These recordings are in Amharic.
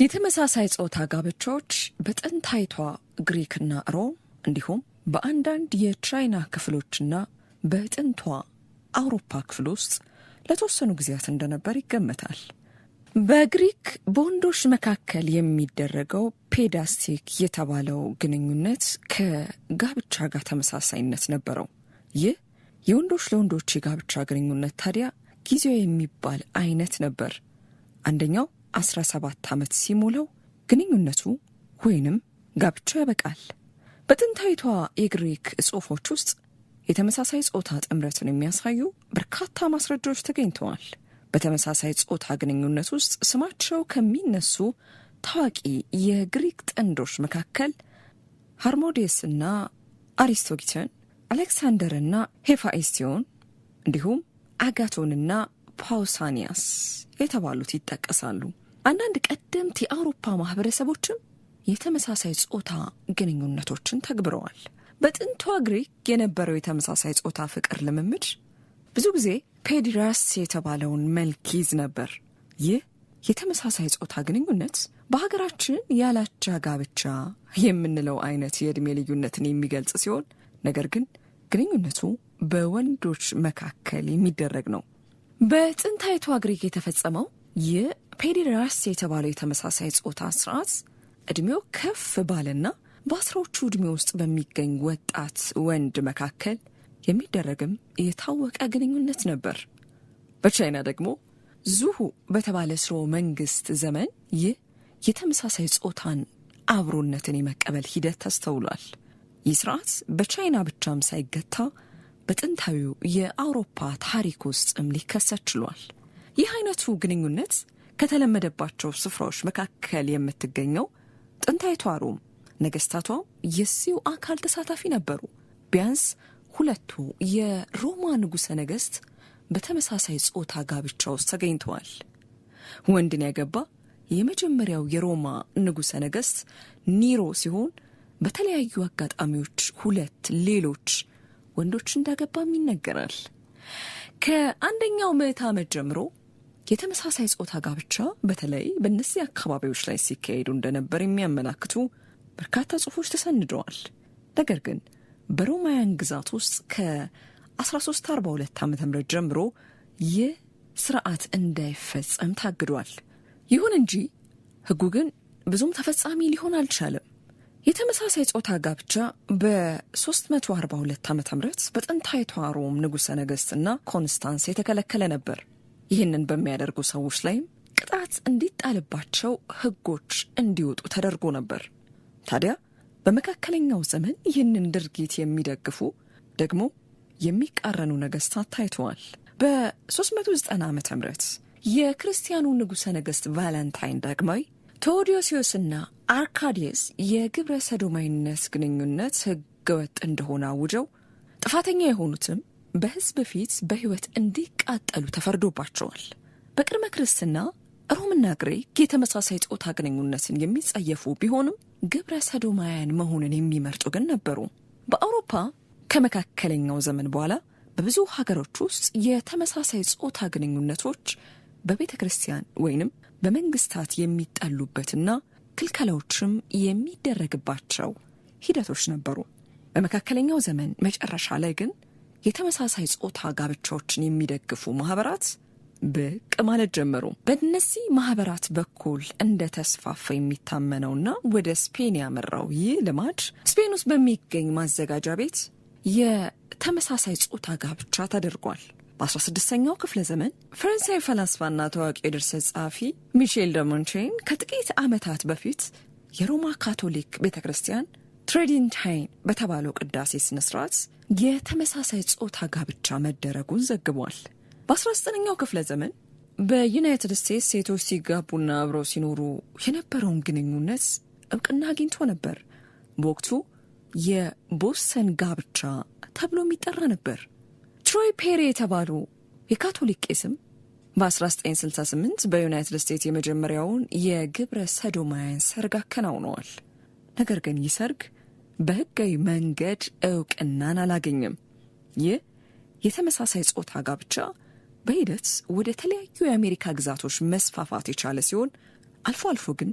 የተመሳሳይ ጾታ ጋብቻዎች በጥንታይቷ ግሪክና ሮም እንዲሁም በአንዳንድ የቻይና ክፍሎችና በጥንቷ አውሮፓ ክፍል ውስጥ ለተወሰኑ ጊዜያት እንደነበር ይገመታል። በግሪክ በወንዶች መካከል የሚደረገው ፔዳስቲክ የተባለው ግንኙነት ከጋብቻ ጋር ተመሳሳይነት ነበረው። ይህ የወንዶች ለወንዶች የጋብቻ ግንኙነት ታዲያ ጊዜው የሚባል አይነት ነበር። አንደኛው 17 ዓመት ሲሞላው ግንኙነቱ ወይንም ጋብቻው ያበቃል። በጥንታዊቷ የግሪክ ጽሑፎች ውስጥ የተመሳሳይ ጾታ ጥምረትን የሚያሳዩ በርካታ ማስረጃዎች ተገኝተዋል። በተመሳሳይ ጾታ ግንኙነት ውስጥ ስማቸው ከሚነሱ ታዋቂ የግሪክ ጥንዶች መካከል ሃርሞዴስ እና አሪስቶጊተን፣ አሌክሳንደር እና ሄፋኤስቲዮን እንዲሁም አጋቶንና ፓውሳኒያስ የተባሉት ይጠቀሳሉ። አንዳንድ ቀደምት የአውሮፓ ማህበረሰቦችም የተመሳሳይ ጾታ ግንኙነቶችን ተግብረዋል። በጥንቷ ግሪክ የነበረው የተመሳሳይ ጾታ ፍቅር ልምምድ ብዙ ጊዜ ፔዲራስ የተባለውን መልክ ይዝ ነበር። ይህ የተመሳሳይ ጾታ ግንኙነት በሀገራችን ያላቻ ጋብቻ የምንለው አይነት የዕድሜ ልዩነትን የሚገልጽ ሲሆን ነገር ግን ግንኙነቱ በወንዶች መካከል የሚደረግ ነው። በጥንታይቷ ግሪክ የተፈጸመው ይህ ፔዲራስ የተባለው የተመሳሳይ ጾታ ስርዓት እድሜው ከፍ ባለና በአስራዎቹ እድሜ ውስጥ በሚገኝ ወጣት ወንድ መካከል የሚደረግም የታወቀ ግንኙነት ነበር። በቻይና ደግሞ ዙሁ በተባለ ስርወ መንግስት ዘመን ይህ የተመሳሳይ ጾታን አብሮነትን የመቀበል ሂደት ተስተውሏል። ይህ ስርዓት በቻይና ብቻም ሳይገታ በጥንታዊው የአውሮፓ ታሪክ ውስጥም ሊከሰት ችሏል። ይህ አይነቱ ግንኙነት ከተለመደባቸው ስፍራዎች መካከል የምትገኘው ጥንታዊቷ ሮም ነገስታቷም የዚሁ አካል ተሳታፊ ነበሩ። ቢያንስ ሁለቱ የሮማ ንጉሠ ነገሥት በተመሳሳይ ጾታ ጋብቻ ውስጥ ተገኝተዋል። ወንድን ያገባ የመጀመሪያው የሮማ ንጉሠ ነገሥት ኒሮ ሲሆን በተለያዩ አጋጣሚዎች ሁለት ሌሎች ወንዶች እንዳገባም ይነገራል። ከአንደኛው ምዕተ ዓመት ጀምሮ የተመሳሳይ ጾታ ጋብቻ በተለይ በእነዚህ አካባቢዎች ላይ ሲካሄዱ እንደነበር የሚያመላክቱ በርካታ ጽሑፎች ተሰንደዋል። ነገር ግን በሮማውያን ግዛት ውስጥ ከ1342 ዓ ም ጀምሮ ይህ ስርዓት እንዳይፈጸም ታግዷል። ይሁን እንጂ ህጉ ግን ብዙም ተፈጻሚ ሊሆን አልቻለም። የተመሳሳይ ጾታ ጋብቻ በ342 ዓ ም በጥንታዊቷ ሮም ንጉሠ ነገሥትና ኮንስታንስ የተከለከለ ነበር። ይህንን በሚያደርጉ ሰዎች ላይም ቅጣት እንዲጣልባቸው ህጎች እንዲወጡ ተደርጎ ነበር። ታዲያ በመካከለኛው ዘመን ይህንን ድርጊት የሚደግፉ ደግሞ የሚቃረኑ ነገስታት ታይተዋል። በ390 ዓ ም የክርስቲያኑ ንጉሠ ነገሥት ቫለንታይን ዳግማዊ ቴዎዶሲዮስና አርካዲየስ የግብረ ሰዶማዊነት ግንኙነት ህገወጥ እንደሆነ አውጀው ጥፋተኛ የሆኑትም በህዝብ ፊት በህይወት እንዲቃጠሉ ተፈርዶባቸዋል። በቅድመ ክርስትና ሮምና ግሪክ የተመሳሳይ ጾታ ግንኙነትን የሚጸየፉ ቢሆንም ግብረ ሰዶማውያን መሆንን የሚመርጡ ግን ነበሩ። በአውሮፓ ከመካከለኛው ዘመን በኋላ በብዙ ሀገሮች ውስጥ የተመሳሳይ ጾታ ግንኙነቶች በቤተ ክርስቲያን ወይንም በመንግስታት የሚጠሉበትና ክልከላዎችም የሚደረግባቸው ሂደቶች ነበሩ። በመካከለኛው ዘመን መጨረሻ ላይ ግን የተመሳሳይ ጾታ ጋብቻዎችን የሚደግፉ ማህበራት ብቅ ማለት ጀመሩ። በእነዚህ ማህበራት በኩል እንደ ተስፋፋ የሚታመነውና ወደ ስፔን ያመራው ይህ ልማድ ስፔን ውስጥ በሚገኝ ማዘጋጃ ቤት የተመሳሳይ ጾታ ጋብቻ ተደርጓል። በ16ኛው ክፍለ ዘመን ፈረንሳይ ፈላስፋና ታዋቂ የድርሰት ጸሐፊ ሚሼል ደሞንቼን ከጥቂት ዓመታት በፊት የሮማ ካቶሊክ ቤተ ክርስቲያን ትሬዲንታይን በተባለው ቅዳሴ ስነ ስርዓት የተመሳሳይ ጾታ ጋብቻ መደረጉን ዘግቧል። በ19ኛው ክፍለ ዘመን በዩናይትድ ስቴትስ ሴቶች ሲጋቡና አብረው ሲኖሩ የነበረውን ግንኙነት እውቅና አግኝቶ ነበር። በወቅቱ የቦስተን ጋብቻ ተብሎ የሚጠራ ነበር። ትሮይ ፔሪ የተባሉ የካቶሊክ ቄስም በ1968 በዩናይትድ ስቴትስ የመጀመሪያውን የግብረ ሰዶማውያን ሰርግ አከናውነዋል። ነገር ግን ይህ ሰርግ በሕጋዊ መንገድ እውቅናን አላገኘም። ይህ የተመሳሳይ ጾታ ጋብቻ በሂደት ወደ ተለያዩ የአሜሪካ ግዛቶች መስፋፋት የቻለ ሲሆን አልፎ አልፎ ግን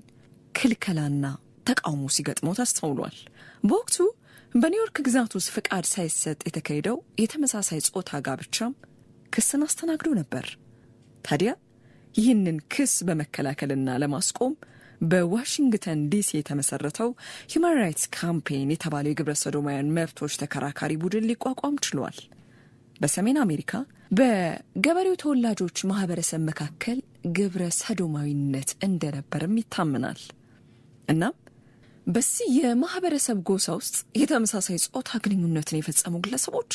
ክልከላና ተቃውሞ ሲገጥመው ታስተውሏል። በወቅቱ በኒውዮርክ ግዛት ውስጥ ፍቃድ ሳይሰጥ የተካሄደው የተመሳሳይ ጾታ ጋብቻም ክስን አስተናግዶ ነበር። ታዲያ ይህንን ክስ በመከላከልና ለማስቆም በዋሽንግተን ዲሲ የተመሰረተው ሂማን ራይትስ ካምፔን የተባለው የግብረ ሰዶማውያን መብቶች ተከራካሪ ቡድን ሊቋቋም ችሏል። በሰሜን አሜሪካ በገበሬው ተወላጆች ማህበረሰብ መካከል ግብረ ሰዶማዊነት እንደነበርም ይታምናል። እናም በዚህ የማህበረሰብ ጎሳ ውስጥ የተመሳሳይ ጾታ ግንኙነትን የፈጸሙ ግለሰቦች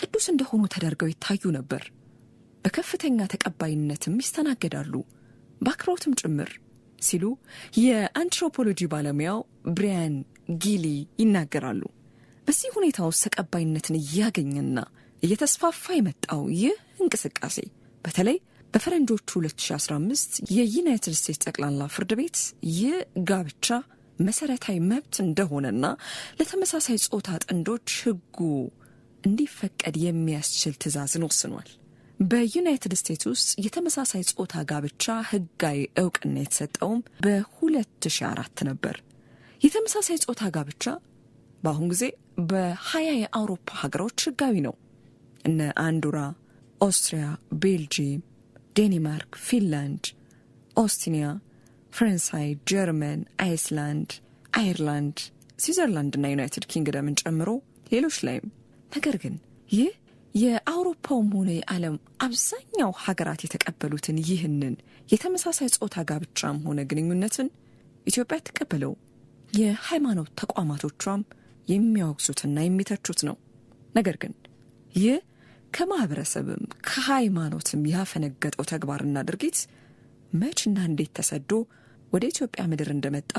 ቅዱስ እንደሆኑ ተደርገው ይታዩ ነበር። በከፍተኛ ተቀባይነትም ይስተናገዳሉ፣ በአክብሮትም ጭምር። ሲሉ የአንትሮፖሎጂ ባለሙያው ብሪያን ጊሊ ይናገራሉ። በዚህ ሁኔታ ውስጥ ተቀባይነትን እያገኘና እየተስፋፋ የመጣው ይህ እንቅስቃሴ በተለይ በፈረንጆቹ 2015 የዩናይትድ ስቴትስ ጠቅላላ ፍርድ ቤት ይህ ጋብቻ መሰረታዊ መብት እንደሆነና ለተመሳሳይ ጾታ ጥንዶች ሕጉ እንዲፈቀድ የሚያስችል ትዕዛዝን ወስኗል። በዩናይትድ ስቴትስ ውስጥ የተመሳሳይ ጾታ ጋብቻ ህጋዊ እውቅና የተሰጠውም በ2004 ነበር። የተመሳሳይ ጾታ ጋብቻ በአሁን ጊዜ በሀያ የአውሮፓ ሀገሮች ህጋዊ ነው። እነ አንዱራ፣ ኦስትሪያ፣ ቤልጂየም፣ ዴንማርክ፣ ፊንላንድ፣ ኦስቲኒያ፣ ፈረንሳይ፣ ጀርመን፣ አይስላንድ፣ አይርላንድ ስዊዘርላንድ እና ዩናይትድ ኪንግደምን ጨምሮ ሌሎች ላይም ነገር ግን ይህ የአውሮፓውም ሆነ የዓለም አብዛኛው ሀገራት የተቀበሉትን ይህንን የተመሳሳይ ጾታ ጋብቻም ሆነ ግንኙነትን ኢትዮጵያ የተቀበለው የሃይማኖት ተቋማቶቿም የሚያወግዙትና የሚተቹት ነው። ነገር ግን ይህ ከማህበረሰብም ከሃይማኖትም ያፈነገጠው ተግባርና ድርጊት መችና እንዴት ተሰዶ ወደ ኢትዮጵያ ምድር እንደመጣ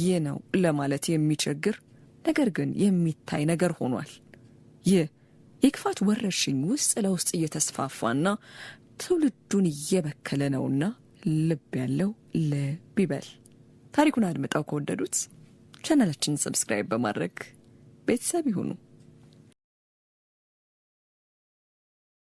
ይህ ነው ለማለት የሚቸግር ነገር ግን የሚታይ ነገር ሆኗል። ይህ የክፋት ወረርሽኝ ውስጥ ለውስጥ እየተስፋፋና ትውልዱን እየበከለ ነውና ልብ ያለው ልብ ይበል። ታሪኩን አድምጠው ከወደዱት ቻናላችንን ሰብስክራይብ በማድረግ ቤተሰብ ይሁኑ።